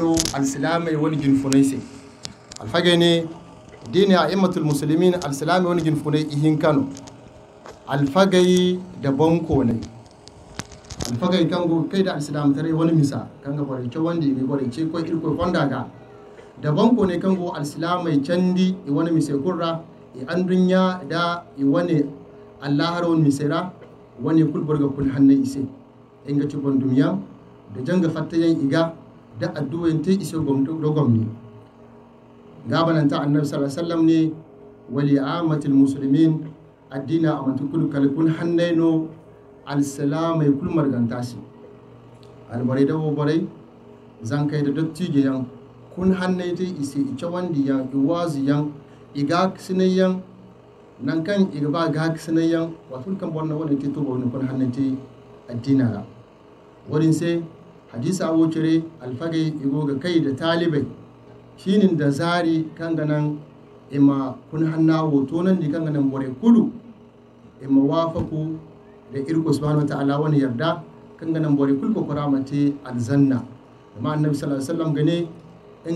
eno alsilame woni jun sai alfage ne dini a immatul musulmin alsilame wani jun funay ihin kano alfagai da banko ne alfagai kango kai da alsilam tare wani misa kanga bare ce wanda ya bare ce ko irko kwanda ga da banko ne kango alsilamai candi i wani mise kurra i an dunya da i wani allahar wani misaira wani kulburga kul hannun isai inga ci bon dumiya da janga fatayen iga da addu’in ta isa da gomni gabananta annabi sallallahu alaihi wasallam ne wali amatul muslimin addina a matukul kalkun hannaino alsalamai kul marganta shi albarai da bobarai zan kai da dottije yan kun hannai ta isa ice wanda yan iwazi yan iga sinayyan nan kan igba ga sinayyan yan wato kan bonna wannan tito bonna kun hannai ta addina ra wurin sai hadisa awocire alfagay igoga kayda taalibay shinin da zari kanganan ima kun hannawo tonandi kanganan bore kulu ima wafaku da irko subhanahu ta'ala wani yarda kanganan bore kulko koramate alzanna amma annabi sallallahu alaihi wasallam gane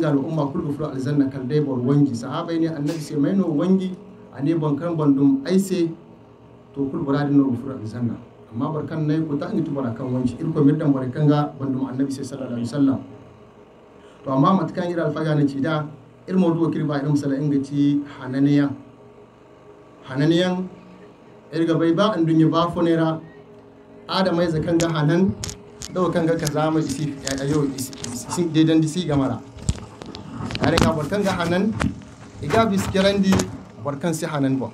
ga al'umma kulko furo alzanna kal dai bor wangi sahabai ne annabi sai no wangi ane bankan bandum aise to kul da no furo alzanna amma barkan nay ko ta ngi tubara kan wanci irko mirdan barkan ga bandum annabi sallallahu alaihi wasallam to amma matkan ira alfaga ne ci da irmo duwa kirba irin sala inga ci hananiyan hananiyan irga bai ba andun ya ba fonera adama ya zakan ga hanan dawa kan ga kaza mai isi ya yau isin daidan disi gamara yare ka barkan ga hanan iga biskirandi barkan si hanan ba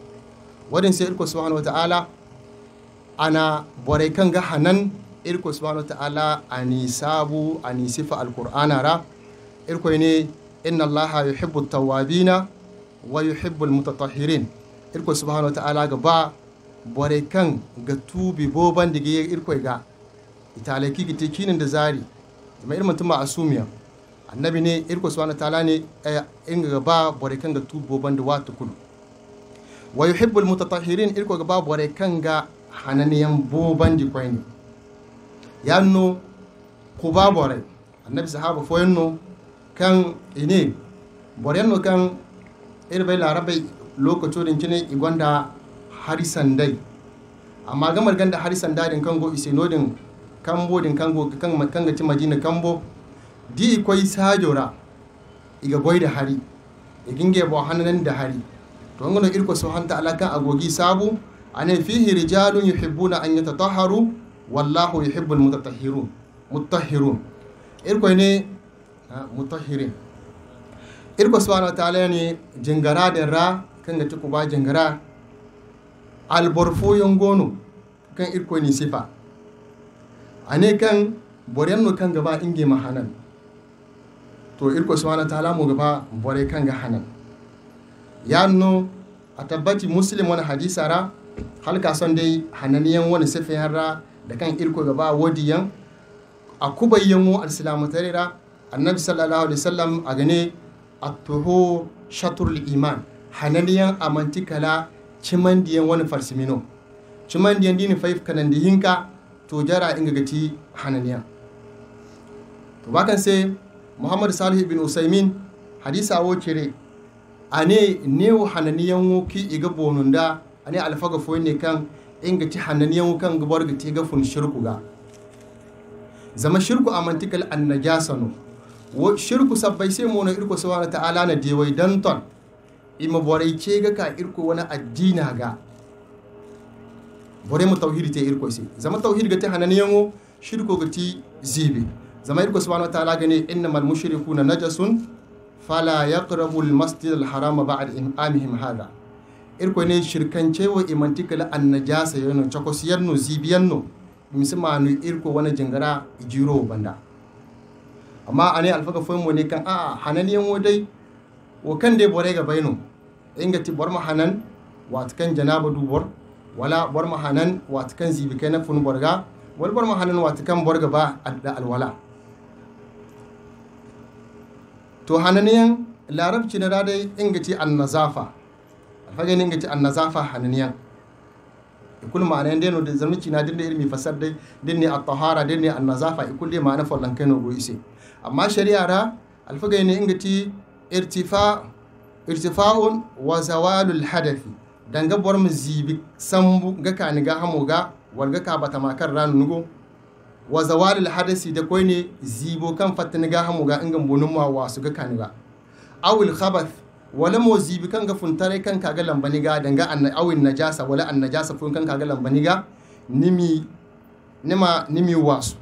wadin sai irko subhanahu wataala ana bore kan ga hanan irko subhanahu ta'ala ani sabu ani sifa alqur'ana ra irko ne inna allaha yuhibbu tawabina wa yuhibbu almutatahhirin irko subhanahu ta'ala ga ba bore kan ga tubi boban diga irko ga italaki gite kinin da zari mai irin mutum asumiya annabi ne irko subhanahu ta'ala ne eh, in ga ba bore kan ga tubi boban da wata kulu wa yuhibbu almutatahhirin irko ga ba bore kan ga hananiyan boban ya koyni ku ba bore annabi sahaba yanno kan ine yanno kan irbai larabai lokacodin cine igonda hari sandai amma gamar ganda hari din kango din kambo din kango kan kanga ci madina kambo di koi sajora iga boy da hari iginge bo hananan da hari to ngano irko so hanta alaka agogi sabu ane fihi rijalun yuhibbuna an yatatahharu wallahu yuhibbul mutatahhirun mutahhirun irko ne mutahhirin irko subhanahu wa ta'ala ne jingara da ra kan da tuku ba jingara alborfo yangono kan irko ni sifa ane kan borenno kan gaba inge mahanan to irko subhanahu wa ta'ala mu gaba bore kan ga hanan yanno a tabbati muslim wani hadisara halka son dai hananiyan wani sefe harra da kan irko gaba wadiyan a kubayyan wo alsilamu tarira annabi sallallahu alaihi wasallam a gane toho shatur iman hananiyan amantikala cimandiyan wani farsimino cimandiyan dini faif kanan da hinka to jara inga gati hananiyan to bakan sai muhammad salih bin usaimin hadisa wo kire a ne hananiyan wo ki iga bonunda ani alfaga ne kan inga hannun hananiyan kan gabar ga tegafin shirku ga zama shirku mantikal an na jasano shirku sabbai sai mona irko na ta'ala na dewai danton ima borai ce ga ka irko wani addina ga bore mu tauhidi ta irko sai zama tauhidi ga ta hannun wo shirku ga ti zibe zama irko na ta'ala gane innamal na najasun fala yaqrabu al masjid al harama ba'da imamihim hada. irko irkone shirkance wo imantikala annajasa yono chakosiyarno zibiyanno misimanu irko wani jingara jiro banda amma ne alfaka foyin wani kan a yin wadai wa kan dai bore ga inga ti bar mahanan wata kan janaba dubar wala bar mahanan wata kan zibi kai na funu borga wal bar mahanan wata kan borga ba da alwala to hananiyan larabci na radai an nazafa. fage ninga ci an nazafa hannuniya ikul ma'ana deno da zamnici na dinda ilmi fasar dai dinne a tahara dinne an nazafa ikul dai ma'ana fallon kai nogo go ise amma shari'a ra alfage ne inga ci irtifa'un wa zawalul hadafi danga gabuwar mu zibi sambu ga ni ga hamu ga wal ga ka bata makar ranu nugo wa zawalul hadasi da koi ne zibo kan fatin ga hamu ga ingan ma wasu ga ni ba awil khabath wala mozibi kan ga funtare kan kaga ga danga an awin najasa wala an najasa fun kan kaga ga. nimi nima nimi wasu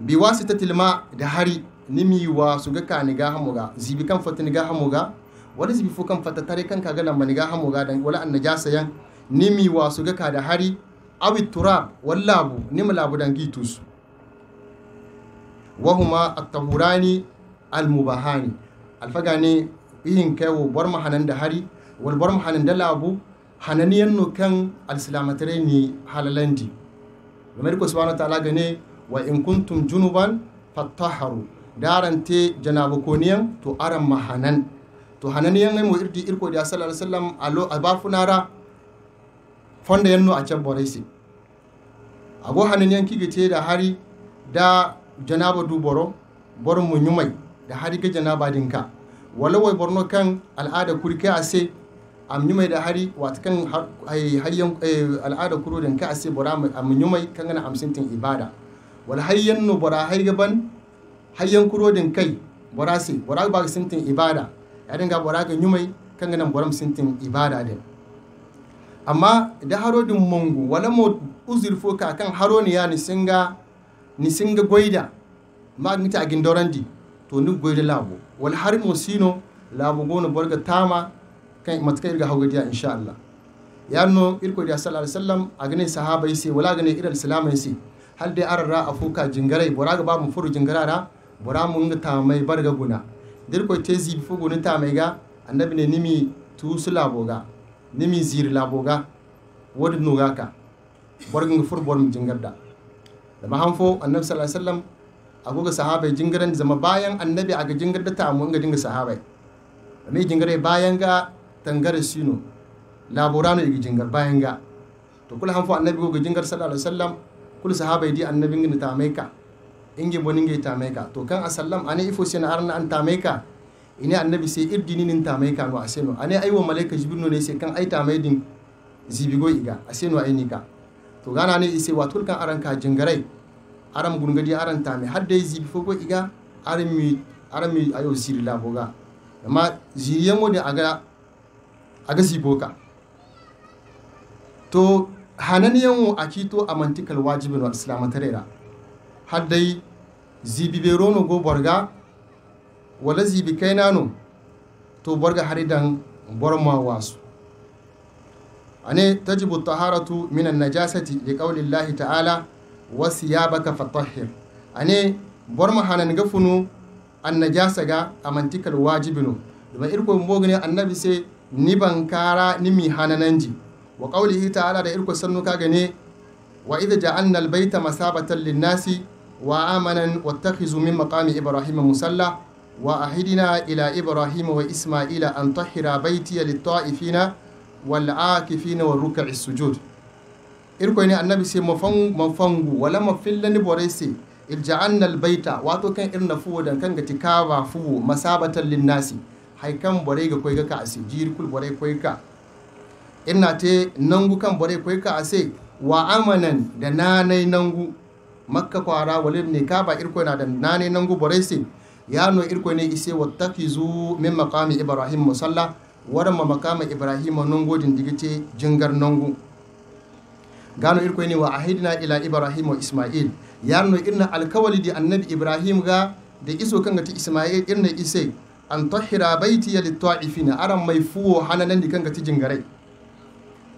bi wasu ta tilma da hari nimi wasu ga kaniga hamuga zibi kan fataniga hamuga wala zibi fu kan fata tare kan kaga ga hamuga dan wala an najasa yan nimi wasu ga ka da hari awi turab bu nima labu dan gitus wahuma at-tahurani al-mubahani alfagani yin kai wa bar mahanan da hari wal bar mahanan da labu hanan yanno kan alislamatare ni halalandi kamar ko subhanahu ta'ala gane wa in kuntum junuban fattaharu darante janabu koniyan to aran mahanan to hanan yan mu irdi irko da sallallahu alaihi wasallam alo abafunara fonda yanno a can boraisi ago hanan yan kigite da hari da janaba duboro boro mu nyumai da hari ga janaba dinka walawai borno kan al'ada kurke a am nyumai da hari wata kan hayyan eh, al'ada kuro da ka ase bora am nyumai kan gana amsintin ibada wal hayyan no bora hayyaban hayyan kuro den kai bora se bora ba sintin ibada ya dinga bora ga nyumai kan gana bora sintin ibada din amma da haro din mongu wala mo uzurfo ka kan haro ne ya ni singa ni singa goida ma ngita agin dorandi to ni goyde laabo wal hari mo sino laabo gono borga tama kan matka irga hawga dia insha Allah ya no irko dia sallallahu alaihi wasallam agane sahaba yi sai wala gane iral salama yisi hal dai arra afuka jingarai ga babu furu jingarara bora mun ta mai barga guna dirko te tezi bifu guna ta mai ga annabi ne nimi tu tusu laboga nimi zir wadi ga laboga wodi nugaka borga bor borum jingarda da mahamfo annabi sallallahu alaihi wasallam A goga sahabai jingaran zama bayan annabi ga jingar da tamu nga jingar sahabai mai jingare bayan ga tangare sino laburano igi jingar bayan ga to kula hanfo annabi goga jingar sallallahu alaihi wasallam kula sahabai di annabi ngini tamaika ingi boninge tamaika to kan asallam ane ifo sina arna an tamaika ini annabi sai irdini nin tamaika no asino ane aiwa malaika jibrilu ne sai kan ai tamai din zibigo iga asino ai nika to gana ne sai watul kan aranka jingarai aram gungadi aran tame dai zibi fogo iga arami arami ayo siri la boga amma ziriye mo de aga aga siboka to hanan wo akito amantikal wajibin wal islam tarera dai zibi be rono go borga wala zibi kainano to borga dan borma wasu ane tajibu taharatu minan najasati liqaulillahi ta'ala wasu ya a ne bar ane borma hananga funu annajasa ga amantikal wajibinu domin irko mbogene annabi ni ban kara ni nimi ji wa qawlihi ta'ala da irko sannu ka ne wa idha ja'alna albayta masabatan linnasi wa amanan wattakhizu min maqami ibrahim musalla wa ahidina ila ibrahim wa isma'ila an tahira baytiya lit-ta'ifina wal-aakifina war-ruk'i sujud irko ne annabi sai mafangu wala mo fillani bore se ilja'anna albayta wato kan irna fuwo dan kan gati kawa fuwo masabatan linnasi hay kan bore ga koy ga ka ase jirkul bore kwaika ina te nangu kan bore kwaika a ase wa amanan da nanai nangu makka kwara walin ne kaba irko na da nanai nangu bore sai ya no irko ne ise wattakizu min maqami ibrahim musalla warma maqama ibrahim nangodin digite jingar nangu gano ne wa ahidina ila ibrahim wa isma'il yarno irna alkawali di annabi ibrahim ga da iso ga ti isma'il irna isai an tahira baitiya litta'ifina aran mai fuwo hananan di ga ti jingarai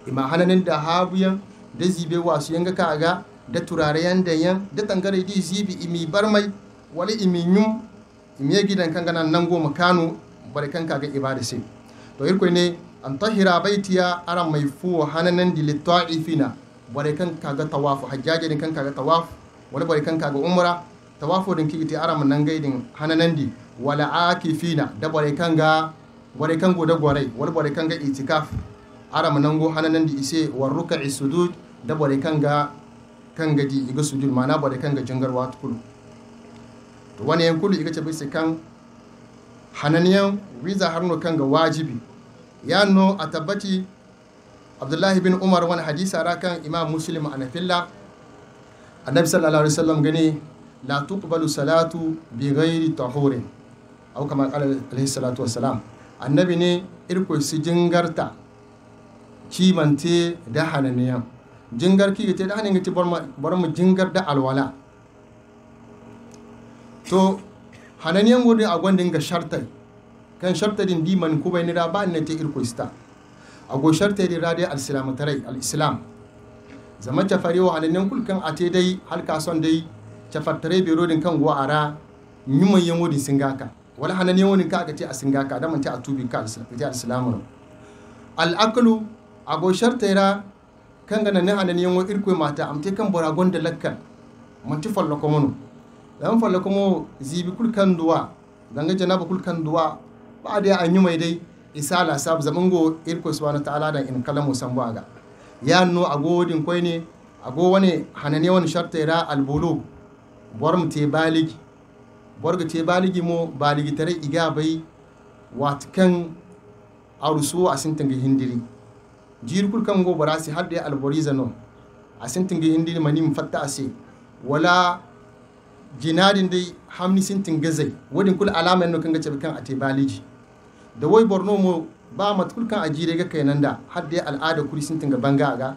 ima hananan da habuyan da zibe wasu yanga ga da turare yan da yan da tangare di zibi imi barmai wali imi nyum imi gidan kanga nan goma Kano bare kanka ga ibada sai to irkoyne an tahira ya aran mai fuwo hananan di litta'ifina bare kan kaga tawaf hajjaje din kan kaga tawaf wala bare kan kaga umra tawafu din ki ite aram nan gaidin hananandi wala akifina da bare kan ga bare kan go da gore wala bare kan ga itikaf aram nan go hananandi ise war ruk'i sujud da bare kan ga kan ga di iga sujud mana bare kan ga jingar watu to wani yan kulu iga ce bai kan hananiyan wiza harno kan ga wajibi ya no a tabbati abdullahi bin umar wani hadisa a rakan imam muslim a nafilla annabi sallallahu alaihi wasallam gani la tuqbalu salatu bi ghairi tahurin aw kama qala alaihi salatu wassalam annabi ne irko su jingarta kimante da hananiyan jingar ki ta da hanin ti bar mu jingar da alwala to hananiyan wurin a gwandin ga shartai kan shartadin diman kubai ni da ba ne ta irko sta a goshar tere radio al-islam tare al-islam zama cafari wa ananin kulkan a te dai har kason dai tare bero din kan guwa ara yi mai yan wodin singaka wani hannun yin ka kaka ce a singaka da manta a tubin ka al-islam al-aqlu a goshar tere kan gana nan yin yan irkwai mata amte kan buragon da lakkan manti fallaka komono dan fallaka komo zibi kulkan duwa zanga janaba kulkan duwa ba da an yi mai dai isala sab zamango irko subhanahu ta'ala da in kala musambu aga ya no agodin koy ne ago wani hanane wani sharta ira albulu bor mu te baligi bor ga te baligi mo baligi tare iga bai watkan arusu ga hindiri jirkul kan go barasi hadde alboriza no ga hindiri manim fatta ase wala jinadin dai hamni sintin gazai wadin kul alama no kan ga cebikan ate baligi da wai borno mu ba matkul kan ajire ga nan da har da al'ada kuri sun tinga banga ga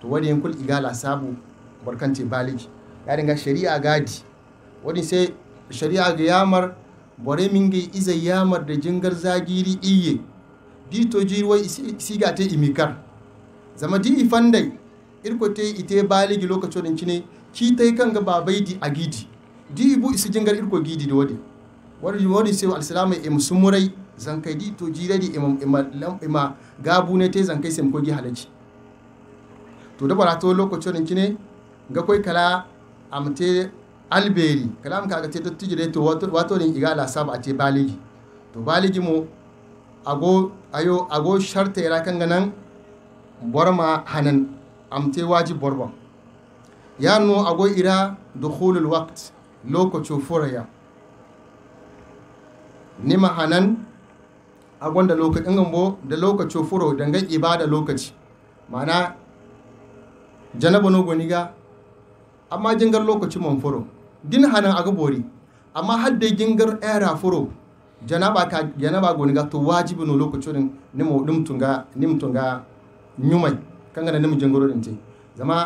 to wani yankul igala sabu barkance baliji ya dinga shari'a gadi wani sai shari'a ga yamar bore mingi iza yamar da jingar zagiri iye dito jirwai siga ta imikar zama di ifandai irko te ite baligi lokacin cine ki tai kan ga babai a gidi. di ibu isi jingar irko gidi da wadi wani wani sai alsalama e musumurai zankai di to jira di ima ima ima gabu ne te zankai sem ko gi halaji to da bara to lokacin nin kine ga koi kala amte alberi kala ka ga te to tijire to wato wato nin igala sab te baligi to baligi mo ago ayo ago sharte ra kan ganan borma hanan amte waji borba ya no ago ira dukhulul waqt lokacin furaya nima hanan a gonda lokaci da lokaci furo danga ibada lokaci mana janaba no goniga amma jingar lokaci man furo din hanan aga bori amma hadda jingar era furo janaba ka janaba goniga to wajibi no lokacin nimo dum tunga nim tunga nyumai kanga na nim jingoro din zama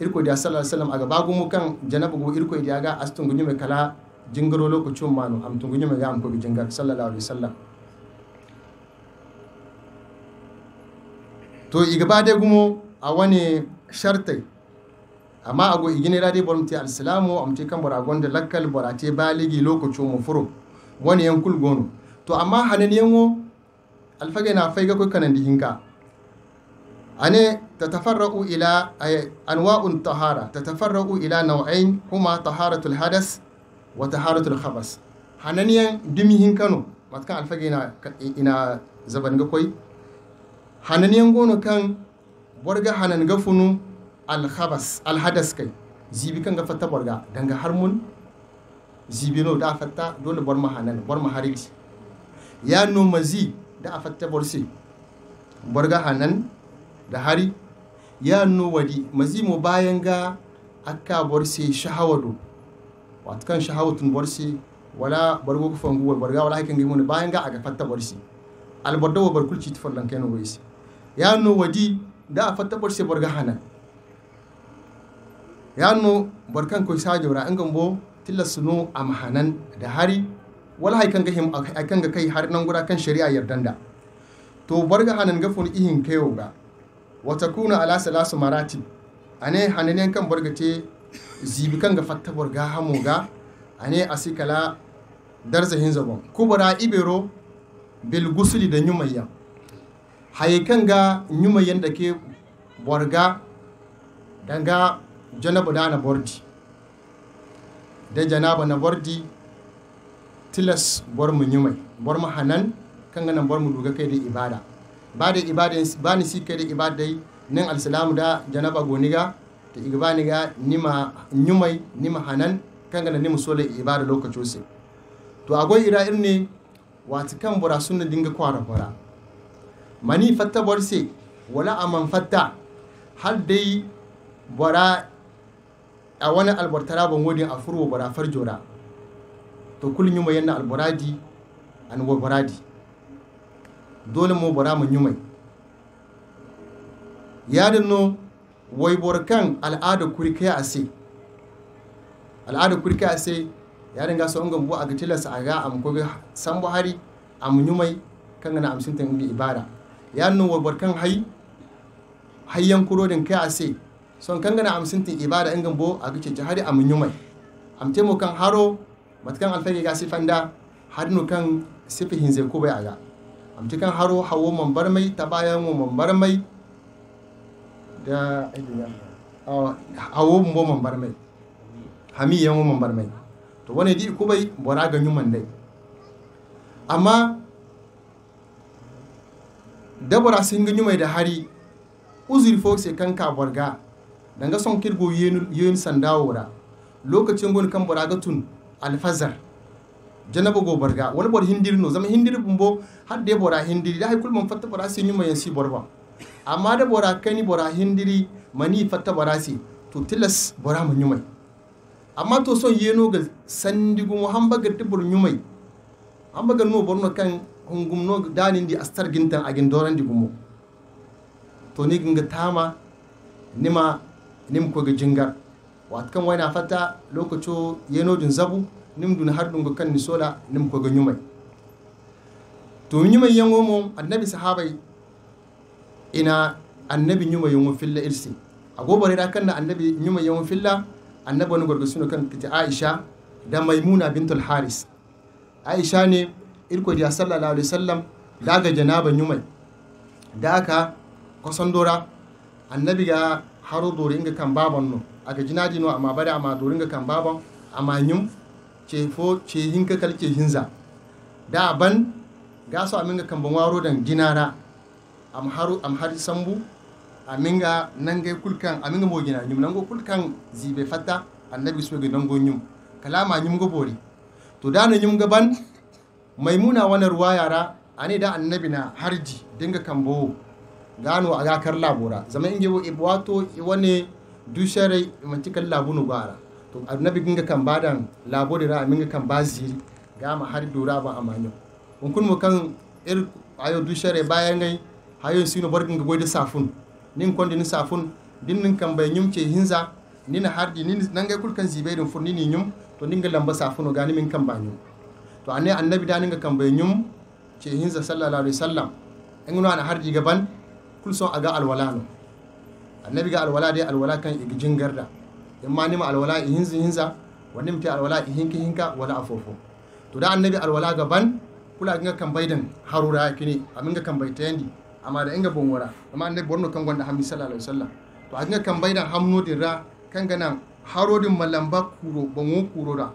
irko da sallallahu alaihi wasallam aga bagu mu kan janaba go irko da ga astungunyu mai kala jingaro lokacin manu am mai ga am ko jingar sallallahu alaihi wasallam to iga dai gumo a wani shartai amma ago igine rade borom ti alislamu am ti kan bora da lakkal bora te baligi lokacin mu furo wani yankul gono to amma hanan yanwo alfage na faiga ko kanan di hinka ane tatafarra'u ila anwa'un tahara tatafarra'u ila naw'ain kuma taharatul hadas wa taharatul khabas hananiyan dimi hinkano matkan alfage ina ina zaban ga koi hanan yangono kan warga hanan gafunu funu alhabas alhadas kai zibi kan gafata warga danga har mun zibi no da fatta dole bar ma hanan bor ma harili ya no mazi da a borsi warga hanan da hari ya no wadi mazi mo bayan ga akka borsi shahawadu wato kan shahawatun borsi wala bargo ku fangu wal barga wala hakan mun bayan ga aga fatta borsi albarda barkulci tufar lankai no waisi Ya nu waje da fatta borse borga hanan yaano borkan sa sajora ngam bo tilla suno a mahanan da hari wala hay kanga him ay kanga kai har nan gura kan shari'a da to barga hanan ga fun ihin kayo ga wata kuna ala salasu maratib ane hananen kan barga te zibi kan ga fatta borga hamo ga ane asikala darzahin zabon kubra ibero bil gusli da nyumayya haye ga nyuma yanda ke borga danga janabu da na bordi da janabu na bordi tilas bor mu nyumai bor mu hanan kan ganan bor mu duga kai da ibada ba da ibada ba ni si kai da ibada nan alsalamu da janaba goniga ta igbani ga nima nyumai nima hanan kan na nima sole ibada lokacin sai to agoi ira irne wata kan bora sunna dinga kwara kwara mani fatta borse wala aman fatta har dai bara a wani albartara ban wadin a furwo bara farjora to kullum yi mayan na alboradi an wabaradi dole mu bara mun yi mai yadin no wai borkan al'ada kurkai a sai al'ada kurkai a sai yadin ga sun gambo a ga a ga amkobi san buhari a mun yi mai kan gana amsin ta ibada ya yanno wa barkan hay hayyan kuro den kai ase son kan gana amsin tin ibada ingan bo a gice jahari amun yumai amte temo kan haro matkan alfage ga sifanda har nu kan sifihin zai kubai aga amte kan haro hawo man mambar mai tabayan wo mambar mai da hawo mbo mambar mai hami yan wo mambar mai to wani di kubai bora ga yuman dai amma sun singa mai da hari uzir fo se kan ka borga danga son kirgo yenu sanda sandawora lokacin gon kan boraga tun alfazar janaba go borga wal bor hindir no zama hindir bumbo har de bora hindir da hay kulman fatta bora sin nyumay si borba amma da bora kani bora hindiri mani fatta bora si to tilas bora mun nyumai amma to son yeno ga sandigu hamba ga tibur nyumai hamba ga no borno kan on gumno danindi a stargintan agin dorandi gumo to ni ginga tama nima nim ko ga jingar wat kan wayna fata lokaco yenodin zabu nim dun har dun kan ni sola nim ko ga nyumai to nyumai yango mo annabi sahabai ina annabi nyumai yango filla irsi agobare da kan annabi nyumai yango filla annabi wani gurgusuno kan kiti aisha da maimuna bintul haris aisha ne irkodiya sallallahu alaihi wasallam daga janaba nyumai da aka dora annabi ga haro doringa kan babon no aga jinaji no amma bada amma doringa kan babon amma nyum ce fo ce hinka kalke hinza da ban ga gaso aminga kan ban waro dan ginara am haru am hari sambu aminga nangai kulkan aminga mo gina nyum nango kulkan zibe fatta annabi so ga nango nyum kalama nyum go bori to da na nyum ban. maimuna wani ruwa yara a ne da annabi na harji dinga kambo gano a gakar labura zama inge wo ibwato iwane dushere mantikan labunu bara to annabi ginga kan badan labura da aminga kan baziri gama har dora ba amanyo mun kun mu kan ir ayo dushere bayan gai hayo sino bar ga boyda safun nin kondi ni safun din nin kan bai nyumce hinza nina hardi nin gai kulkan zibe din furni ni nyum to ninga lamba safun gani min kan banyo to ane annabi daninga kambe ñum ce hinsa sallallahu alaihi wasallam engno ana harji gaban kulson aga alwala no annabi ga alwala dai alwala kan igi jingarda in ma nima alwala i hinsa hinsa wani mutai alwala i hinka hinka wala afofo to da annabi alwala gaban kula ga kan baidan harura kini amin ga kan baita yandi amma da inga bonwara amma annabi borno kan gonda hamdi sallallahu alaihi wasallam to a ga kan dan hamno dirra kan ganan harodin malamba kuro banwo kuro da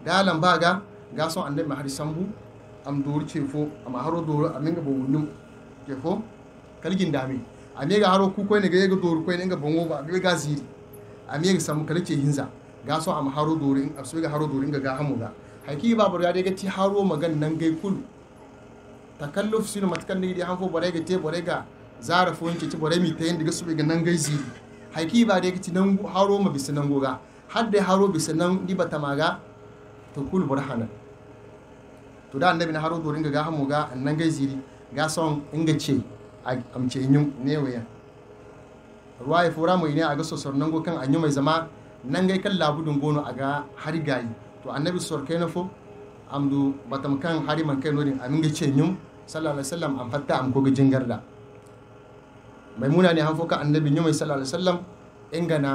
da lamba ga gason annabi har sambu am dori cefo am haro doro aminga bo wunum cefo kalgin dami ga haro ku koyne ga yega doro koyne nga bongo ba ga ga ziri ga sambu kala ce hinza gason am haro doro in absu ga haro doro nga ga hamuga hakiki babar ya ga ti haro magan nan gai kul takalluf sinu matkan ni di hanfo bare ga te bare ga zara fo ci bare mi tayin ga su ga nan gai ziri hakiki ba ga ti nan haro ma bisa nan goga hadde haro bisa nan di ga. to kul burhana to da annabi na haro dorin ga hamu ga nan ga ziri ga son inga ce a amce inyu ne waya ruwa ya fura mai ne a ga sosor nan go kan anyu mai zama nan ga kan labudun gono a ga har gayi to annabi sosor kai na fo amdu batam kan hari man kai norin amin ga ce inyu sallallahu alaihi wasallam am fatta am ko gijin mai muna ne hanfo kan annabi nyu mai sallallahu alaihi wasallam inga na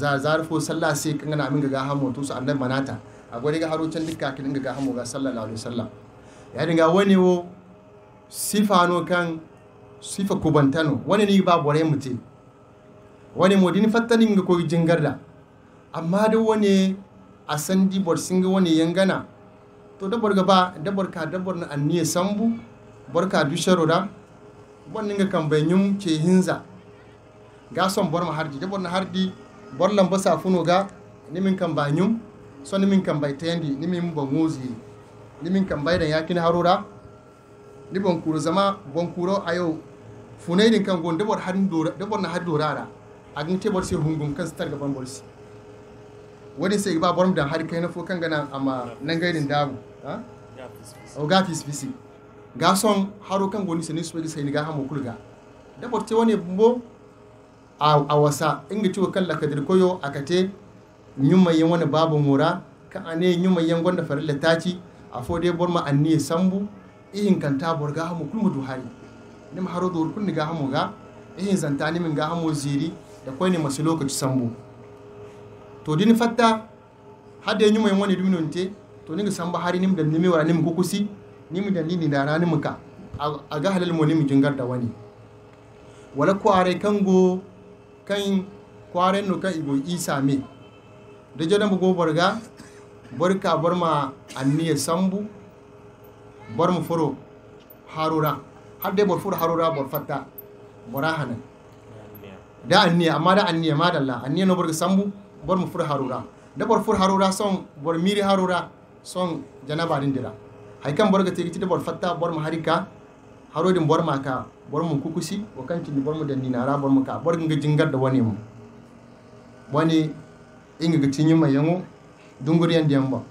za zarfo sallah sai kan na amin ga hamu to su annabi manata a agwariga can dikka kilinga ga na sallallahu alaihi wasallam yadinga wani wo no kan sifa kubantano wani ni ba bore ce wani modini fattani nga ko jingarda amma da wani a sandi bor singa wani yangana to da borga ba da borka da borna anniye sambu ka dusharo da wani ga kan banyum ke hinza ga son bor ma hardi da na hardi bor lamba safuno ga nimin kan banyum so min kan bai tendi nimin bon ni min kan bai da yakin harura ni bon kuro zama bon kuro ayo funai din kan gon dabor har dora dabor na har dorara agin te bor se hungum kan star gaban bolsi wani sai ba borum da har kai na fo kan gana amma nan gaidin dabu ha o oh, gafis bisi ga son haro kan goni sani su sai ni ga hamu kulga dabar te wani bo a wasa inga ciwo kan lakadir koyo akate nyumma yen wani babu mura kan ane nyumma yen gwanda farilla ci a fode borma anniye sambu ihin kanta ga hamo kulmo du hari nima haro dor kun ga hamu ga ihin zantani min ga hamu ziri da koyne masu lokaci sambu to dini fatta hade nyumma wani woni dumino nte to ni ga samba hari nim da nimi wara nim kukusi nimi da nini da rani muka a ga halal ni nimi jingar da wani wala kware kango kan kware no kan igo isa me da bari ka borga ma borma anniye sambu mu furo harura dai bar furo harura bar fatta bora hana da anniya amma da anniya madalla anniya no borga sambu mu furo harura da bar furo harura son bar miri harura son jana janaba dindira hay kam borga da bar bor fatta mu harika harodin ma ka bormo kukusi wakanci bormo bar mu ka ga jingar da wani mu wani inga gati nyima yango dunguri yan ba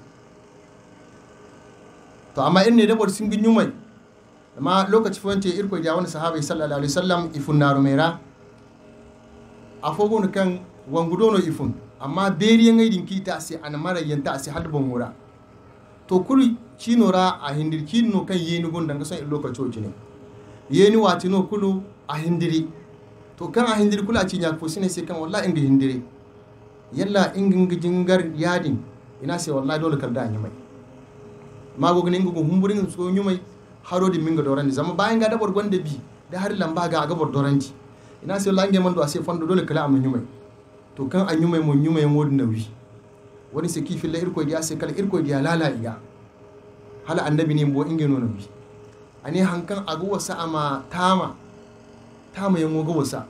to amma irne da bor singi nyumai amma lokaci fonte irko ja wani sahaba sallallahu alaihi wasallam ifun naru mera afogon kan wangudono ifun amma beri yan aidin kita sai an mara yanta sai halbon wura to kuri cinora a hindir kinno kan yeni gon danga son e lokaci jini yeni watino kulu a hindiri to kan a hindiri kula cinya ko sine sai kan wallahi inga hindiri yalla ingingi jingar yadin ina se wallahi dole kal da nyumai mago gnin gugu humburin so nyumai haro di minga dorandi zama bayan ga dabar gonda bi da har lamba ga ga bor dorandi ina se wallahi man do ase fondo dole kala amun nyumai to kan an nyumai mun nyumai na nawi wani se kifi la irko dia sai kala irko dia lala iya hala annabi ne bo inge no nawi ani hankan agu wasa ama tama tama yango go wasa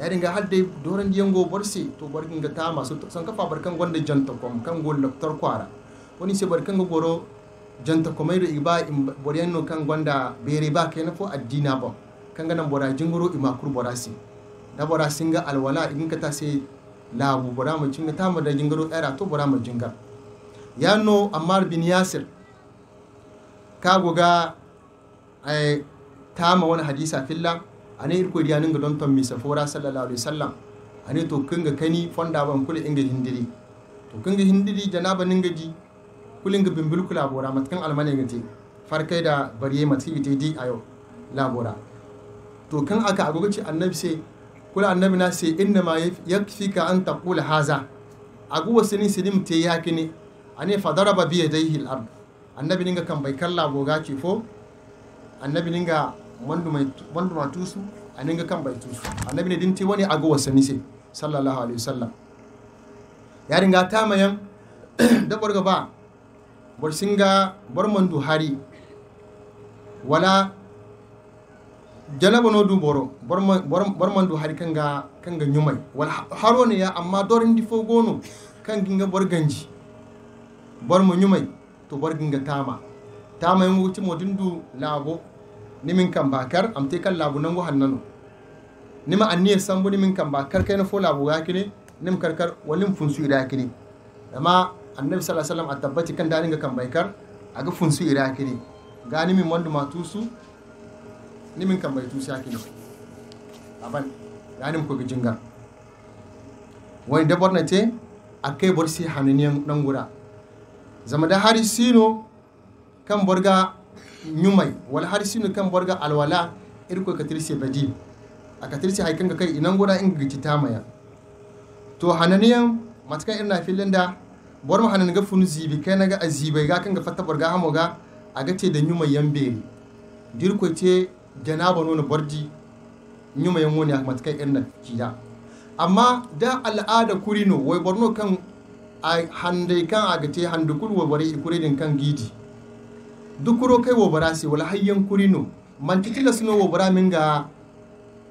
har da doron doran gobar borse to bar ga ta masu san kafa kan gwanda janta kom kan gwanda laktar kwara wani se bar go goro janta da iba in boryanno kan gwanda bere ba kai na fo addina ba kan ganan bora jingoro ima kur borasi da bora singa alwala in ka ta sai labu bora mu cinga ta mu da jingoro era to bora mu jingar yano ammar bin yasir ka goga eh, ai ma wani hadisa fillan ane irko dia ninga don ton misa fora sallallahu alaihi wasallam ane to kinga kani fonda ban kula inga hindiri to kinga hindiri janaba ninga di ga bimbil kula bora matkan almane ngati farkai da bariye matki gite di ayo labora to kan aka agogaci annabi sai kula annabi na sai inna ma yakfika an taqula haza agu wasini sinim te yakini ane fadaraba bi yadayhi al-ard annabi ninga kan bai kalla boga fo annabi ninga manduma tusu aninga kan bai tusu annabi ne dinti wani ago wasani nise sallallahu alaihi wasallam ya ringa mayan da barga ba bor singa bar mandu hari wala janaba no du boro bor mandu hari kan ga nyumai wala haro ne ya amma dorin di fo gono kan ginga bar ganji bar mu nyumai to bar ginga tama tama yango ti du lago nimin kan bakar amte kan labu nango hannano nima anniye sambu nimin kan bakar na fo labu ni nim karkar walin funsu ira yakine amma annabi sallallahu alaihi wasallam a kan dani ga kan baikar aga funsu ira yakine ga nimin wandu matusu nimin kan bai tusu yakine aban ganim ko gijinga wani dabar na te akai borsi hananiyan nan gura zama da hari sino kan borga Nyumai wala har sinu kan borga alwala irko ka tirse badi ka tirse haikan ka kai inan gona in ci tamaya to hananiyan irin na filin da bor mu hanan ga funu zibi kai naga azibai ga kan ga fatta borga hamo ga a ga ce da ñumay yamberi dirko ce janaba nono bordi yan woni matakan irin na kida amma da al'ada kurino wai borno kan a handai kan a ga ce handukul wa bari ikuredin kan gidi Duk kuro kai bara si wala hayyan kurino mantikila suno wobara minga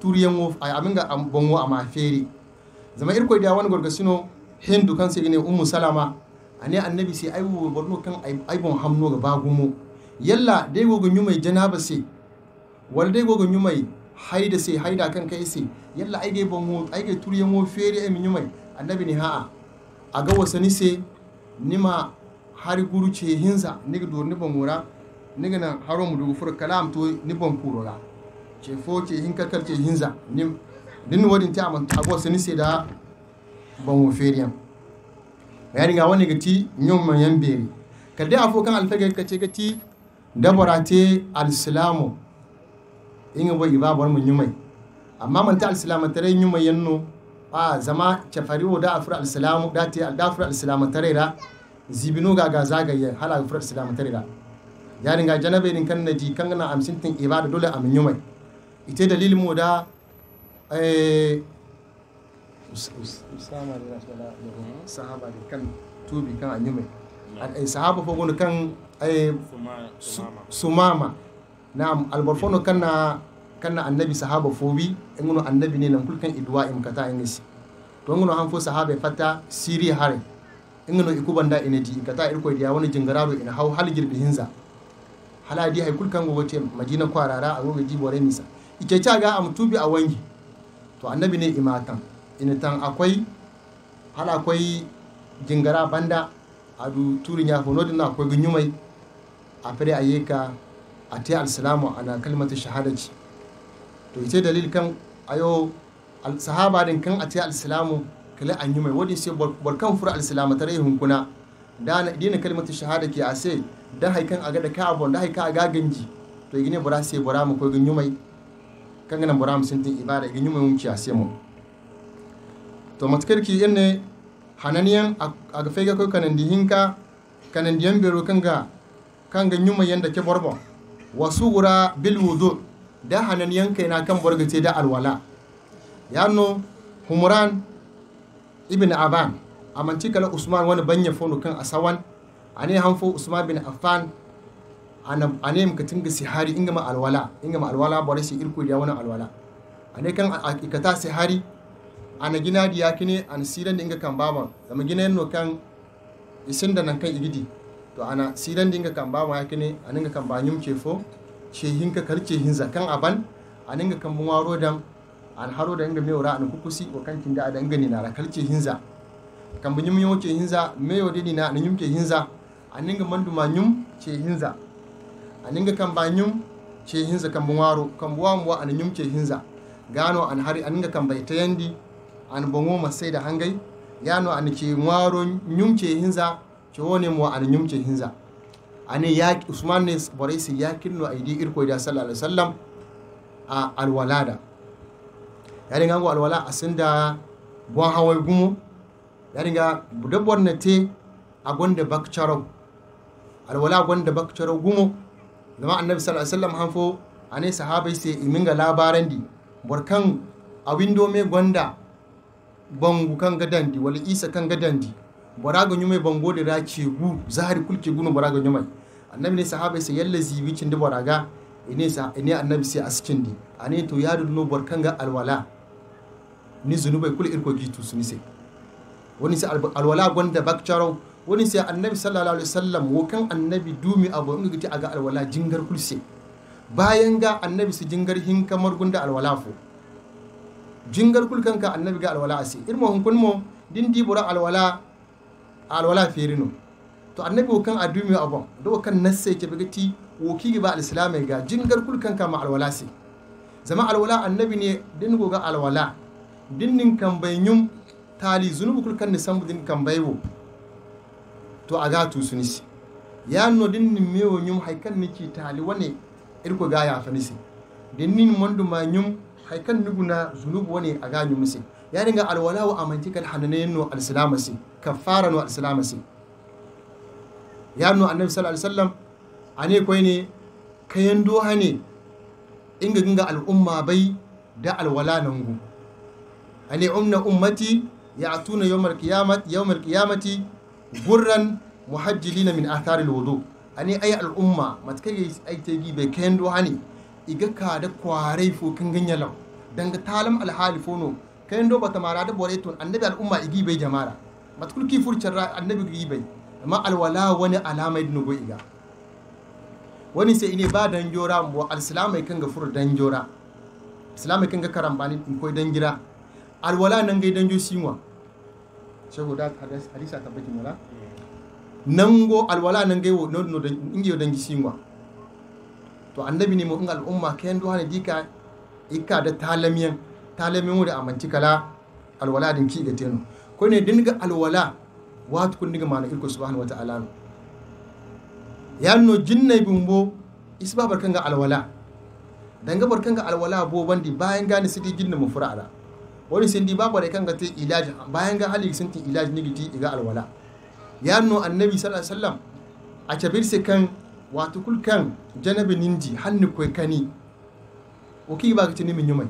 turiyan wo ay aminga am bongo ama feri zama irko da wani gorga suno hindu kan sai ne ummu salama ani annabi sai ai wo borno kan ai bon hamno ga bagumo yalla dai gogo mai janaba sai wal dai gogo mai haida sai haida kan kai sai yalla aige dai bongo ai dai turiyan wo feri ai nyumai annabi ne ha'a A ga wasani sai nima har guru ce hinza ni ga dorni bangora niga na haro mu dugu fur kalam to ni bon puro la ce fo ce hin kakar ce hinza ni din wadin ta man tabo sani sai da ban mu feriyan ya dinga wani ga ti nyom man yan beri ka da afo kan alfagar ka ce ga ti dabara te alislamu inga bo iba bar mu nyumai amma man ta alislamu tare nyumai yanno a zama cafari wo da afur alislamu da te da afur alislamu tare ra zibinu ga ga zagaye hala afur alislamu tare ra yarin ga janabe din kan naji kan na amsin tin ibada dole amin yumai ite dalilin mu da eh usama sahaba da kan tubi kan anyumai eh, sahaba fo gono kan eh, sumama na'am albarfono kan na kan na annabi sahaba fo bi ngono annabi ne nan kulkan idwa im kata in ingisi to ngono han fo sahaba fata siri hare ngono ikubanda ina ji kata irko diya wani jingararo ina hau hal girbi hinza haladi di hay kulkan go wote madina ko arara ago jibo bore misa ike caga am tubi a wangi to annabi ne imatan ina tan akwai hala akwai jingara banda adu turi nya hono din akwai gunyumai a fere ayyuka a ta alsalamu ana kalmatu shahadaci to ite dalil kan ayo sahaba din kan a ta alsalamu kala an yi mai wadin sai barkan fura alsalama tare hunkuna dana dina kalmatu shahada ke a sai da haikan aga da carbon da haika aga ganji to igine bura sai bura mu ko ganyu mai kangana bura mu sintin ibada ganyu mai mun ciya se mu to matkar ki yanne hananiyan aga fega ko kanan di hinka kanan diyan ga kan kanga nyuma yanda ke borbo wasu wura bil wudu da hananiyan kai na kan ce da alwala yano humran ibn aban amanci kala usman wani banya fono kan asawan ane hanfo usman bin affan anam anem ga sihari ingama alwala ingama alwala bore si irko da wani alwala ane kan ikata sihari ana gina ya kine an siran dinga kan baba zama gina no kan isin da nan kan igidi to ana siran dinga kan baba ya kine aninga kan ba ke kefo ce hinka karce hin zakan aban aninga kan muwaro dan an haro da inga meora an kukusi ko kan kinda adan gani na ra karce hinza kan bunyum yoke hinza meyo dini na an yin hinza A ninga mandu manyum ce hinza aninga kamba nyum ce hinza kamba waro kamba wamwa a nyum ce hinza gano an hari a kan bai ta yandi an bongo masai da hangai yano an ce nwaro nyum ce hinza ce wone mo an nyum ce hinza ani ya usman ne borai si yakin no aidi irko da sallallahu alaihi wasallam a alwalada yarin gango alwala asinda bon hawai gumo ya ga budabbar na te a gonda bakcharau alwala gonda bakcoro gumo zama annabi sallallahu alaihi wasallam hanfo ane sahabai sai iminga di barkan a windo me Gwanda bangu kan di wal isa kan di. boraga nyume bango da race gu zahari kulke gunu boraga nyume annabi ne sahabai sai yalla zibi da baraga ine sa ine annabi askin di. ane to ya no barkan ga alwala ni zunubai kul irko gitu sunise wani sai alwala gonda bakcoro Wani sai annabi sallallahu alaihi wasallam wo annabi dumi abo ngi a aga alwala jingar kulse bayan ga annabi su jingar hin kamar gunda alwala fo jingar kulkan ka annabi ga alwala ase irmo hon kun din dibura alwala alwala ferino to annabi wo adumi abu do kan nasse ke bigati woki kigi ba alislamai ga jingar kulkan ka ma alwala si zama alwala annabi ne din goga ga alwala din nin kan baynyum tali zunubu kulkan ne ni din kan baywo to a aga tu sunisi ya no din ni mewo nyum haikan ni ci tali wane irko ga ya fanisi din ni mondu ma nyum haikan ni guna zunubu wane a ga nyum si ya dinga alwala wa amanti kal hananen no alsilamasi kafara no alsilamasi ya no annabi sallallahu alaihi wasallam ane koy ne kayan doha ne inga ginga al'umma bai da alwala nan gu ane umna ummati ya atuna yawmal qiyamati yawmal qiyamati gurran na min a a yi al'umma ay ya yi matkai ay bai kayan doha hani iga ka da kwarai fo kan ganyalam danga talam al kayan doba ta mara da bore ton annabi al'umma igi bai jamara matkul ki furcin annabi igi bai amma alwala wani alama idin go iga wani sai ine ba dan jora mu al kan ga furu dan jora islamai kan ga karambani ko dan gira alwala nan ga dan jo sinwa saboda hadisa tabbati mola nango alwala nange wo no da inge yo dangi singwa to annabi ne in al'umma umma kayan duhane dika ika da talamiyan talamiyan wuri amanci kala alwala din ki ga tenu ko ne din ga alwala watu kun dinga mana irko subhanahu wataala no yanno jinnay bumbo isba barkan ga alwala danga barkan ga alwala bo bandi bayan gane sidi jinna mu fura'ala Wani sindi ba da kanga ta ilaji bayan ga hali sintin ilaji ni gidi iga alwala ya nuna annabi sallallahu alaihi wasallam a cabir se kan wato kulkan janabi ninji hannu kwe kani o ki ba kitini min yumai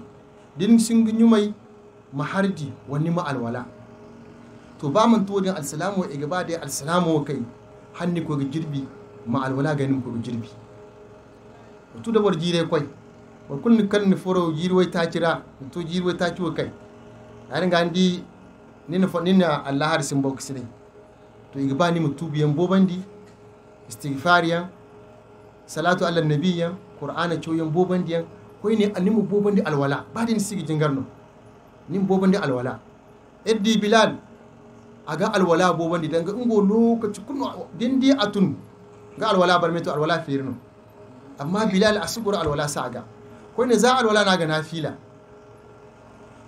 din sun gin yumai mahardi wani ma alwala to ba man to din alsalamu wa e iga ba da alsalamu wa kai hannu ko girbi ma alwala ganin ko girbi to da jirai kwai wa kun kan ni foro ta kira to jirwai ta kiwa kai yani gandi nina fo nina allah har sin bok sidai to igbani bani mutubiyan bobandi istighfariyan salatu ala nabiyyan qur'ana choyan bobandiyan koi ne animu bobandi alwala ba din sigi jingarno nim bobandi alwala eddi bilal aga alwala bobandi danga ngo lokaci din di atun ga alwala bar meto alwala firno amma bilal asugura alwala saga koi ne za alwala na ga nafila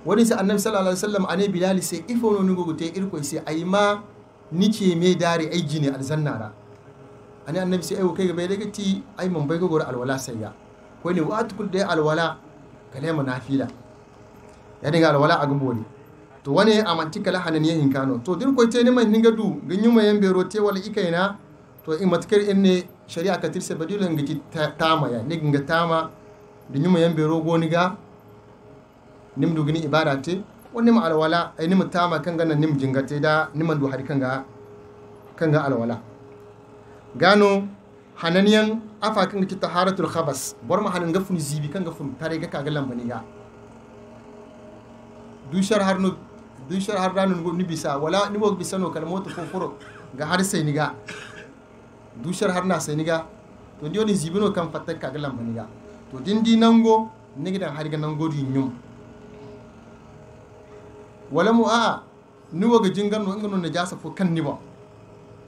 wani sa annabi sallallahu alaihi wasallam ane bilali sai ifo no nugo te irko sai ai ma nike me dare ai gine alzannara ra annabi sai ai wo kai bai daga ti ai mun bai gogor alwala sayya ko ne wa tukul dai alwala mu nafila ya dinga alwala a ne to wani a amanti kala hanan yin hinkano to din ko te ne man ninga du ganyu yan bero te wala ikaina to in matkar in ne shari'a katirse badilan giti tama ya ne ginga tama da nyuma yan bero goniga nimdu gini ibada te ko nim alwala ay nim tama kanga na nim jinga te da niman du hari kanga kanga alwala gano hananiyan afa kanga ki taharatul khabas bor ma hanan gafun zibi kanga fun tare ga kaga lambani ga shar har no shar har ranu ni bisa wala ni wo bisano kalmoto foforo ga har sai ni ga shar har na sai ni ga to ndi woni zibino kan fatta kaga lambani ga to dindi nango gidan har ga nango du nyum wala mu a'a ni waga ingano na jasa fo kan ni ba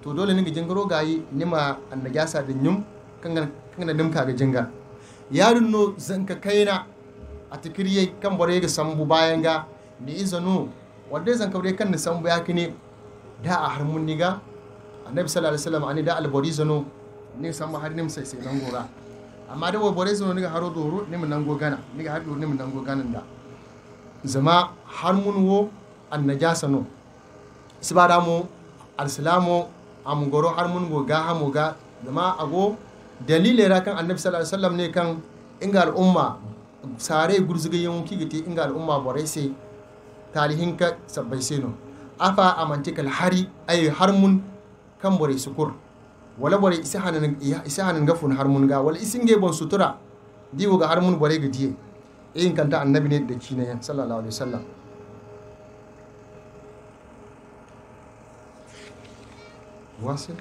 to dole ni ga jingaro gayi nima an jasa da nyum kan kan nim ka ga jinga yarun no zanka kaina a tikiriye kan bare ga sambu bayan ga ni wanda zan zanka bare kan ni sambu ya kine da a harmun ni ga annabi sallallahu alaihi wasallam ani da albori zano ni sambu har nim sai sai nan gora amma da bore zano ni ga haro doro mun nan gogana ni ga haro doro mun nan go da zama harmun wo an jasa no ba damu alsilamo a goro har go ga hamo ga zama ago dalilin ra kan annabi sallallahu alaihi wasallam ne kan inga al'umma sare gurzuga yin gite inga al'umma bore sai talihin ka sabbai sai no afa kal hari har mun kan borai sukur wala bore isi hanan isi hanan gafun mun ga wala ge bon sutura diwo ga mun bore ga diye in kanta annabi ne da ki ne sallallahu alaihi wasallam واصل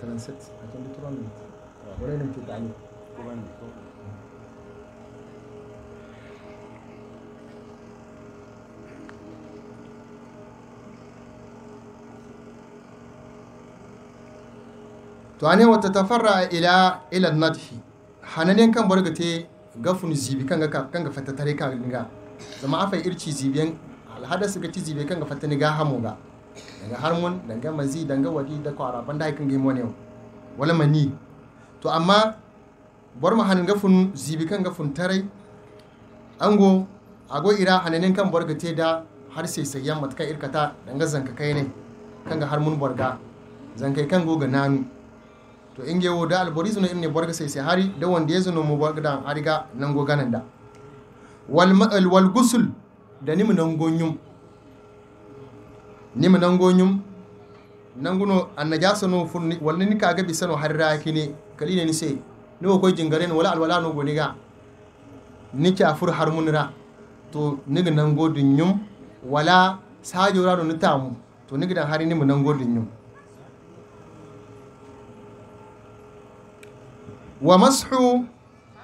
37 عشان بترن ولا نمكت عليه تعني وتتفرع إلى إلى الندح hananen kan bar te gafun zibi kan ga kan ga fata tare kan ga zama afa irci zibiyan alhada su ga ci zibi kan ga fata ni ga hamu ga daga harmon daga mazi daga wadi da kwara banda kan ga mu ne wala mani to amma bar ma hanin gafun zibi kan gafun tare ango ago ira hananen kan borga te da har sai sai sayan matka irkata daga zanka kai ne kan ga harmon borga zankai kan go ga nanu to inge wo da alborizno imne borga sai sai hari da wanda yezuno mu borga dan ariga nango da wal ma'al wal gusul da nimu nan gonyum nimu nango nyum nanguno annajasa no furni walni ni kaga bisano harra kine ne ni sai ni ko jingare ne wala alwala no goniga ni ka fur har munira to ni nan nango dunyum wala ni no mu to ni dan hari nimu nango dunyum wa mashu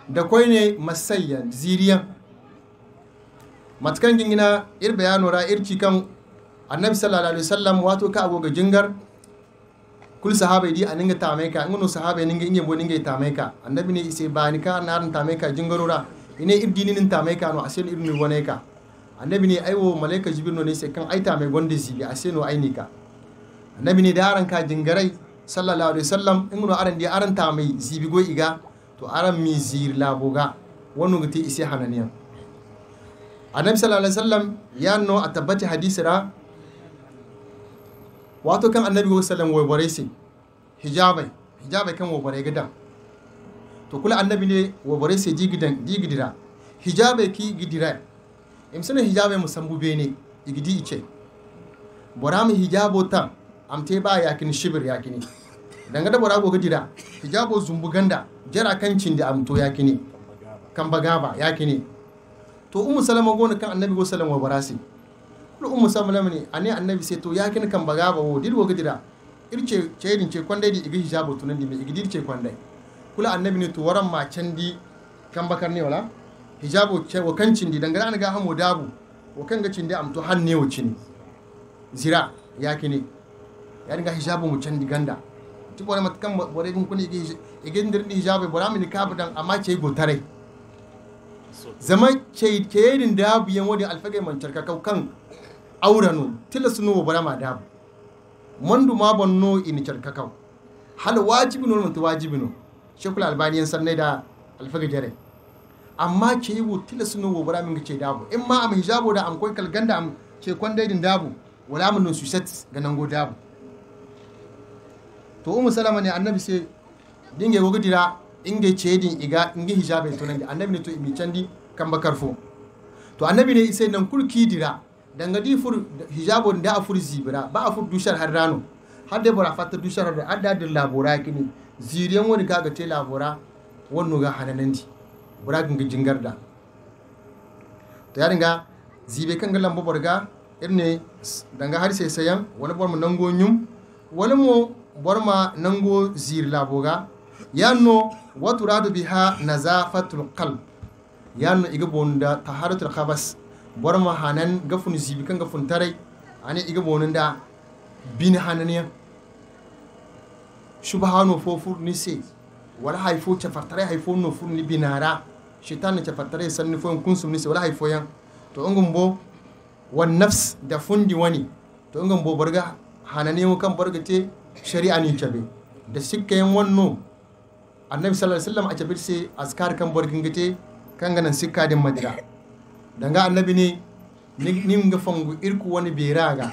da kwai ne masayya ziriyan matkan gingina ir bayanora irci kan annabi sallallahu alaihi wasallam wato ka agoga jingar kul sahabai di in tameka ngono sahabai ninga inge bo ninga tameka annabi ne ise bani ka narin tameka jingarora ine ir dininin tameka no asen ir ni ka annabi ne aiwo malaika jibril no ne sai kan aita mai gonda zibi aseno ainika annabi ne daran ka jingarai sallallahu alaihi wasallam ingno aran dia aran ta mai zibigo iga to aran mi zir laboga wannan gute isi hananiya annabi sallallahu alaihi wasallam ya no a hadisi hadisira wato kan annabi sallallahu alaihi wasallam wai bare hijabai hijabai kan wabare gida to kula annabi ne wabare sai jigidan digidira hijabai ki gidira imsana hijabai musambube ne igidi ice bora mu hijabo ta amte ba kini shibir kini danga da bora goga dira hijabo zumbuganda jara kancin da amto kini kan bagaba kini to ummu salama gona kan annabi go salama barasi kul ummu salama ne ani annabi sai to kini kan bagaba wo dil goga dira irce cedin ce kwandai di igi hijabo tunan di me igi dir ce kwandai kula annabi ne to waran ma candi kan bakar ne wala hijabo ce wa kancin di danga an ga hamu dabu wa kan ga cindi amto hanne wa cin zira kini yani ga hijabu mu can ganda ti bore mat kam bore gun kuni ge e gendir di hijabu bora mi nikabu dan amma ce go tare zama ce ke dabu yan wani alfagai man charka kau kan auranu tilas no bora ma dabu mandu ma bonno in charka kau hal wajibi no mutu wajibi no shekul yan sanne da alfagai jare amma ce go tilas no bora min ce dabu in ma am hijabu da am koi ganda am ce kon daidin dabu wala mun susat set ganan go dabu to umu salama ne annabi se dinge gogo dira inge cedin iga inge hijabe to nan annabi ne to imi candi kamba karfo to annabi ne sai nan kulki dira danga di fur hijabo da afur zibira ba afur dushar har rano har da bora fatta dushar da adda da labora kini ziriyan wani kaga te labora wannan ga hananandi bura ginga jingarda to ya dinga zibe kan galan boborga irne danga har sai sayan wani bor mu nango nyum wani mu borma nango zir laboga yanno waturadu biha nazafatul qalb yanno iga bonda taharatul khabas borma hanan gafun zibikan gafun tarai ani iga bonda bin hananiya subhano fofur ni se wala hay fo cafartare hay no fur ni binara shaitan cafartare sanni fo kunsum ni se wala hay fo yan to ngum bo wan nafs da fundi wani to ngum bo barga hananiyo kan barga te shari'a ne cabe da sikka yin wannan annabi sallallahu alaihi wasallam a cabe sai askar kan borgin gite kan ganan sikka din madira danga annabi ne nin ga fangu irku wani beraga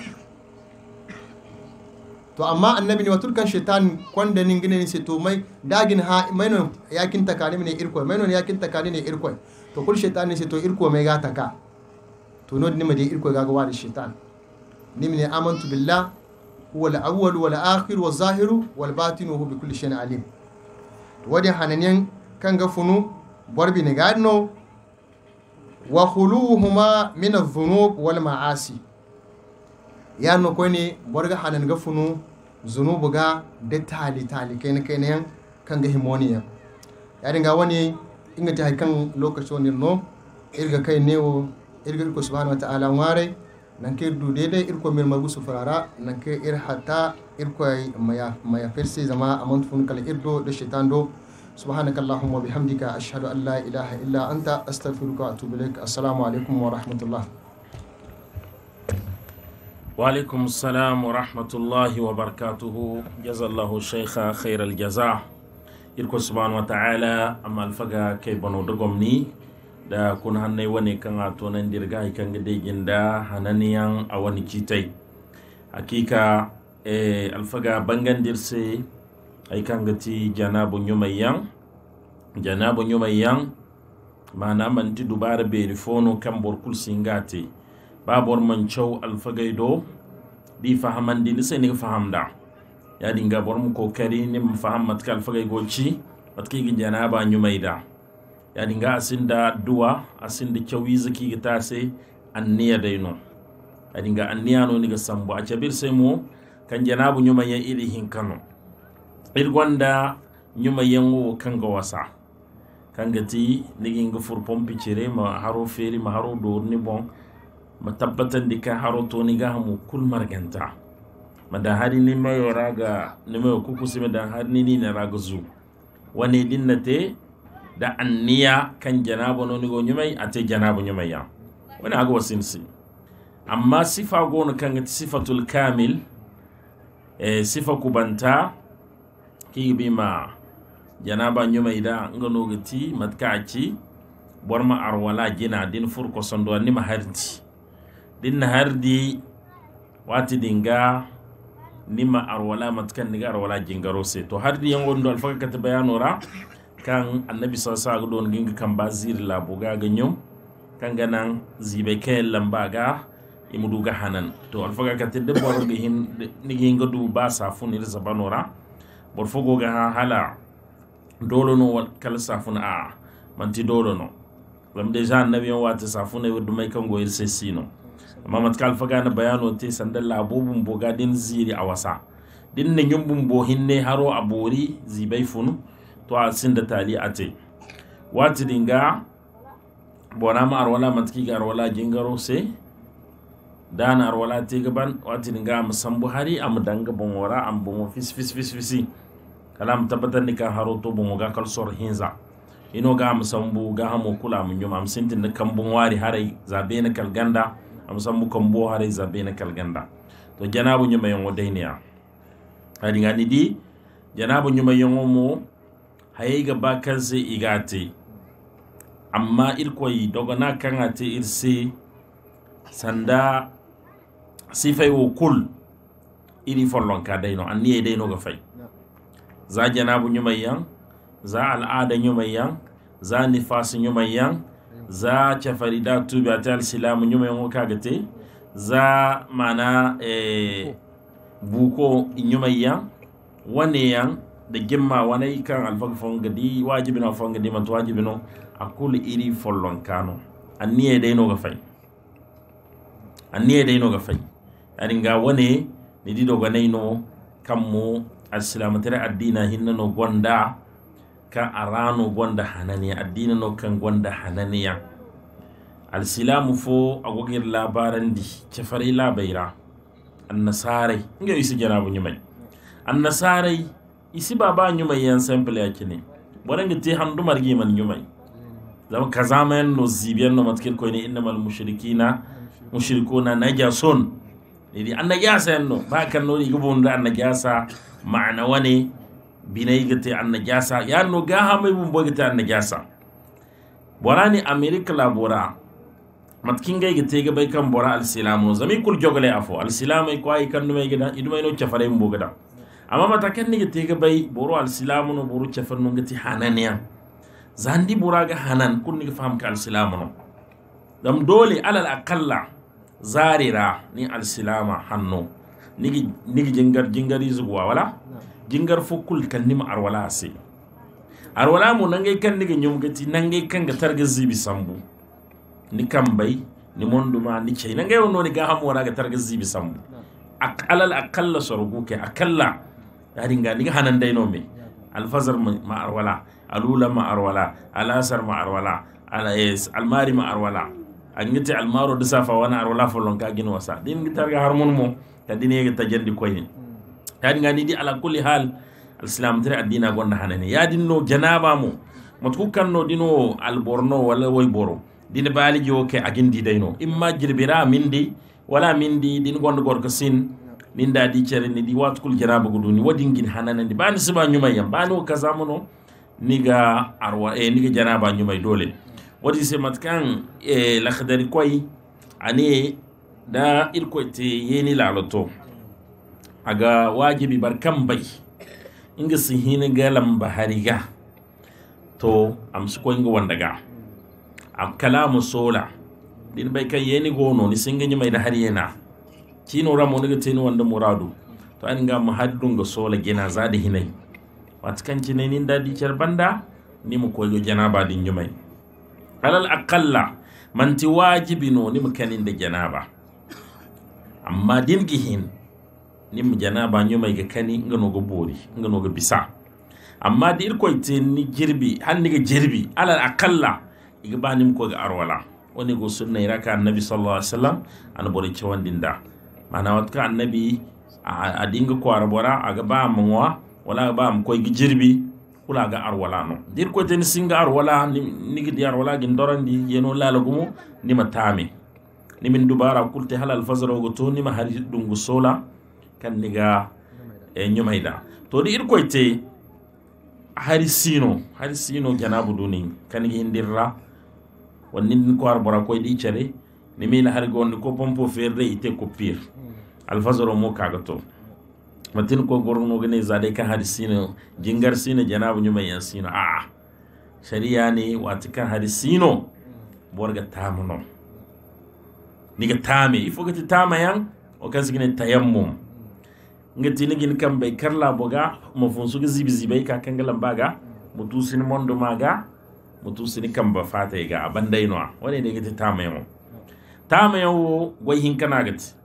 to amma annabi ne wa kan shaitan kwanda nin gine sai to mai dagin ha mai non yakin takali ne irku mai non yakin takali ne irku to kul shaitan ne sai to irku mai ga taka to no dinima mai irku ga ga wani shaitan nimne amantu billah huwa al-awwal wal akhir wal zahiru wal batin wa bi kulli shay'in alim to wadi hananen kan ga funu barbi ne gadno wa khuluhuma min adh-dhunub wal ma'asi ya no ko ne barga hanan ga funu zunubu ga da tali tali kai ne kai ne kan ga himoniya ya dinga wani inga ta kan lokacin wani no irga kai ne wo irga ko subhanahu wa ta'ala ware nanke du dede irko min margu sufarara nanke ir hatta irko ay maya maya fersi zama amant fun kala irdo da shaitan do سبحانك اللهم وبحمدك أشهد أن لا إله إلا أنت أستغفرك وأتوب إليك السلام عليكم ورحمة الله وعليكم السلام ورحمة الله وبركاته جزا الله الشيخ خير الجزاء إلكم سبحانه وتعالى أما الفقه كيبانو دقمني da kun hannai wane kan a tonan dirga kan gade ginda hananiyan a wani kitai hakika eh, alfaga bangan dirse ai kan gati janabun yumayyan janabun yumayyan mana manti dubara beri fono kan borkul singate babor mancau alfagaido di fahamandi ni sai ni fahamda ya dinga bor mu kokari ni mu faham matka alfagai goci matka gi janaba nyumaida yani nga asinda duwa asinda cawiza kiga tase anniya day no yani nga anniyano niga sambo a cabir se mo kan janabu ñumaya iri hinkano ir gonda ñumayanwo kanga wasa kanga ti nigi nga fur pompi cire ma haro feri ma haro ni bon ma tabbatandi ka haro to ni hamu kul marganta ma mada hari ni mayo raga ni mayo kukusi mada hari ni ni raga zu wane wani te da anniya kan janabo no nigo nyumai ate janabo nyumai ya wani ago sinsi amma sifa gono kan sifatul kamil e, sifa kubanta ki bi ma janaba nyumai da ngano gati matkaci borma arwala jina din ko sondo ni mahardi din nahardi wati dinga nima arwala matkan niga arwala jingaro se to hardi yango ndo alfaka kata bayanora kan annabi sa ga don ginga kan ba zir labu ga ganyo kan ganan zibe ke lamba ga imudu ga hanan to alfaga ka tedde bor ga hin ginga du ba safun ir zabanora bor fogo ga hala dolo no kal safun a manti dolo no lam deja annabi on wata safun e dumai kan goyir sai sino amma matkal faga na bayano te sandan labubun boga din ziri a wasa din na yumbun bohin hinne haro a bori zibai funu to a sinda tali ate wati dinga bona ma arwala matki ga arwala gingaro se dana arwala te gaban wati dinga am san buhari am danga bon wara am bon fis fis fis fis kala am tabbatar ni kan haro to bon ga kal sor hinza ino ga am bu ga hamo kula mun yuma am sintin ni kan bon wari harai zabe ni kal ganda am san bu kan bo harai zabe ni kal ganda to janabu nyuma yango dainiya hadi ngani di janabu nyuma yango mo hayga bakanse igate amma irkoy dogona kaŋate irse sanda sifai wo kul iri ka follonka ya daina ga fai za janabu ñumay za al'ada ñumay yan za nifas ñumay yan za cafarida tubi ate alsilamu ñumay yango kaga te za mana eh, buko ñumay yan wane yan de jemma wanayi kan al fanke fonga di wajibino a fonga diman to wajibino a kul iri follon kano a niye deynoga fay a niye deynoga fay ari nga wone ni didoga nayno kammo asilamatere addina hinnano gonda kan arano gonda hananiya addina no kan gonda hananiya alsilamu fo a gogir labarandi cefari labayra annasarai ngewisi janabu ñumay annasarai isi baba nyumai yan sample yakini ngi te handu margi man nyuma zama kazama yan no zibiyan no matkir koyne innamal mushrikina mushrikuna najasun idi anna jasa yan no ba kan no igu bonda anna jasa ma'ana wani binai gite anna jasa ya no ga ha mai bumbo gate anna jasa borani america bora matkin gai gate ga bai kan bora al-silamu zami kul jogale afo al-silamai kwai kan no mai gida idumai no chafare mbo gida amma mata kan ni te ga bai boro al silamu no boro chafan no ngati hananiya zandi ga hanan kun ni faham ka al silamu no dam dole alal aqalla zarira ni al silama hanno nigi nigi jingar jingari zuwa wala jingar fukul kan ni ma arwala se arwala mu nangay kan nigi nyum gati nangay kan ga targa zibi sambu ni bai ni monduma ni cey nangay wono ni ga ham wala ga targa zibi sambu alal aqalla sorgu ke akalla هرينغا ليغا خانان داي نومي الفجر ما اروالا الاولى ما اروالا الاسر ما اروالا على ايس الماري ما اروالا انيتي المارو دسا فا وانا اروالا فلون كا جين وسا دين غتار هارمون مو كدين يي تجند كوين هرينغا ني دي على كل حال الاسلام تري ادينا غون خانان يا دين نو جنابا مو متكو كان نو دينو البورنو ولا وي بورو دين بالي جوكي اجين دي اما جربرا مندي ولا مندي دين غوند غور min ni di watu kul janabago gudu ni waɗi hanana ni bani suba nyuma yam bani o ni ga arwa e eh, ni ga janaba nyuma dole wadi se matkan e eh, la khadari koy ani da il ko te yeni la loto aga wajibi barkam bay inga si hiniga lamba hariga to am su ko inga wandaga am kalamu sola din bay kan yeni gono ni singa nyuma da hariyena tino ra daga tino wanda muradu to an ga ga sola gina gena hinai wata kan kancine nin dadi kyar banda nima koygo janaba din jumay alal aqalla manti wajibi no nima kaninde janaba amma dingi hin nima janaba jumay ga kani nganoga boori ga bisa amma da irko te ni ni ga girbi alal aqalla iga ba nima koyga arwala wani go sunna iraka annabi sallallahu alaihi wasallam ana bore da. mana wat ka annabi a dinga kwara bora aga ba mwa wala ba ma koy jirbi kula ga arwala no dir ko jeni singa arwala ni gi di arwala gin dorandi yeno lalagumo ni matame ni min dubara kulte halal fazaro go to ni hari dungu sola kan niga e eh, nyomaida to di ir ko te hari sino hari sino janabu duni kan gi indirra wonni ko arbora ko di cere ni la har gon ko pompo ferde ite ko pire alfazaro mo kaga to matin ko gorno gane zade kan hari sino jingar sino janabu nyuma yan sino a ah, shari'a ne wata kan hari sino borga tamuno niga tame ifo gati tama yan o kan sigine tayammum ngati ni gin kan karla boga mo funsu ga zibi zibai ka kan galan baga mutu sin mondo maga mutu sin kan fata ga abandai no ne tama yan tama yan wo gati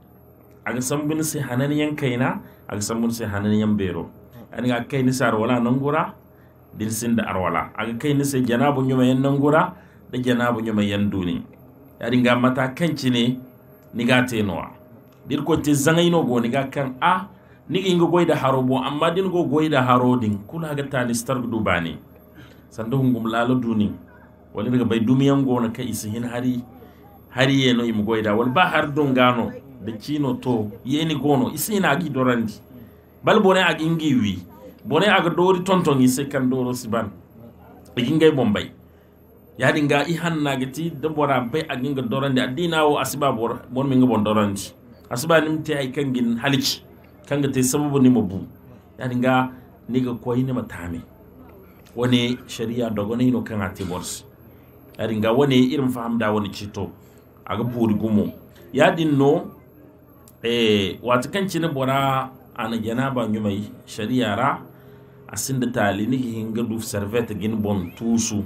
aga sambini si hanan yang kaina aga sambini si hanan yang bero ani ga kaini si arwala nangura din sinda arwala aga kaini si janabu nyuma yan nangura da janabu nyuma yan duni yari ga mata kanci ni ga tenuwa dir ko te zangaino go ni ga kan a ni ga ingo goida haro bo amma din go goida haro din kula ga tani star dubani sandu hungum lalo duni wani daga bai dumiyan go na kai isihin hari hari yeno im goida wal bahar har don da cino to yeni gono isi isina gi dorandi bal bone ag ingi wi bone aga dori tonton yi kan doro siban igingay bombay yadi nga i giti da bora bay aginga dorandi adina wo asiba bor bon mi nga bon dorandi asiba nim te ay kangin halici kanga te sababu nima bu yadi nga ni ga koyi nima tame wani sharia dogona ino kan ati bors yadi nga wani irin fahamda wani cito aga buri gumo yadin no e eh, wati kan cini bora an janaba nyumai sharia ra asinda tali ni hinga du servette gin bon tusu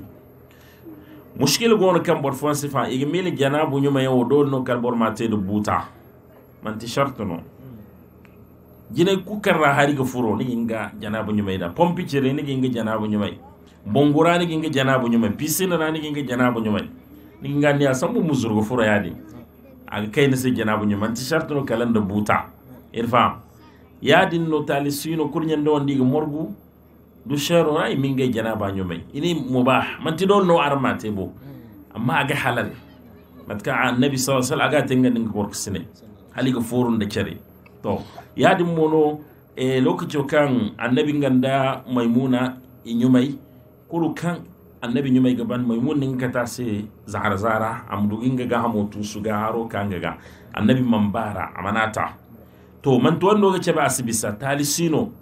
mushkil gon kan bor fon sifa igi mil janabu nyumai o do no kal bor mate do buta man ti shartu no jine ku karra hari ga furo ni hinga janabu nyumai da pompi cire ni hinga janabu nyumai bongura ni hinga janabu nyumai pisina ni hinga janabu nyumai ni hinga ni asambu muzurgo furo yadi aga kayna se janabu ñe manti charte no kalanda buta irfam yadin no tali suino kurñande on ɗiga morgu du chero ay min gay janaba ñomay ini mubah manti ɗon no armate bo amma aga halal matka annabi sa sallam aga tenganɗinga gorko sine haliga forunde cere to yadin mono e lokaci kan annabi ganda maimuna e ñomay kuru kan annabi ñu may gaban mai mun ninka ta se zara zara am du inga ga hamo tu su ga haro kan ga annabi man bara amanata to man to wando ga ce ba asibisa talisino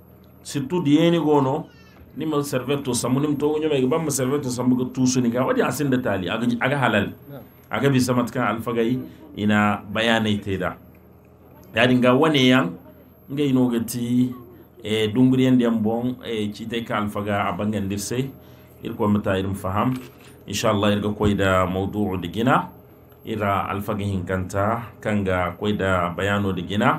di yeni gono ni ma serveto samu nim to ñu may gaban ma serveto samu ga tu su ni ga wadi asinda tali aga aga halal aga bi samat kan alfagai ina bayanai teda ya dinga wane yan ngai no ga ti e eh, dunguri yan bon e eh, ci te kan faga a bangan irko mata irin faham inshallah irga koi da mawdu'u da gina ira alfagihin kanta kanga koi da bayano da gina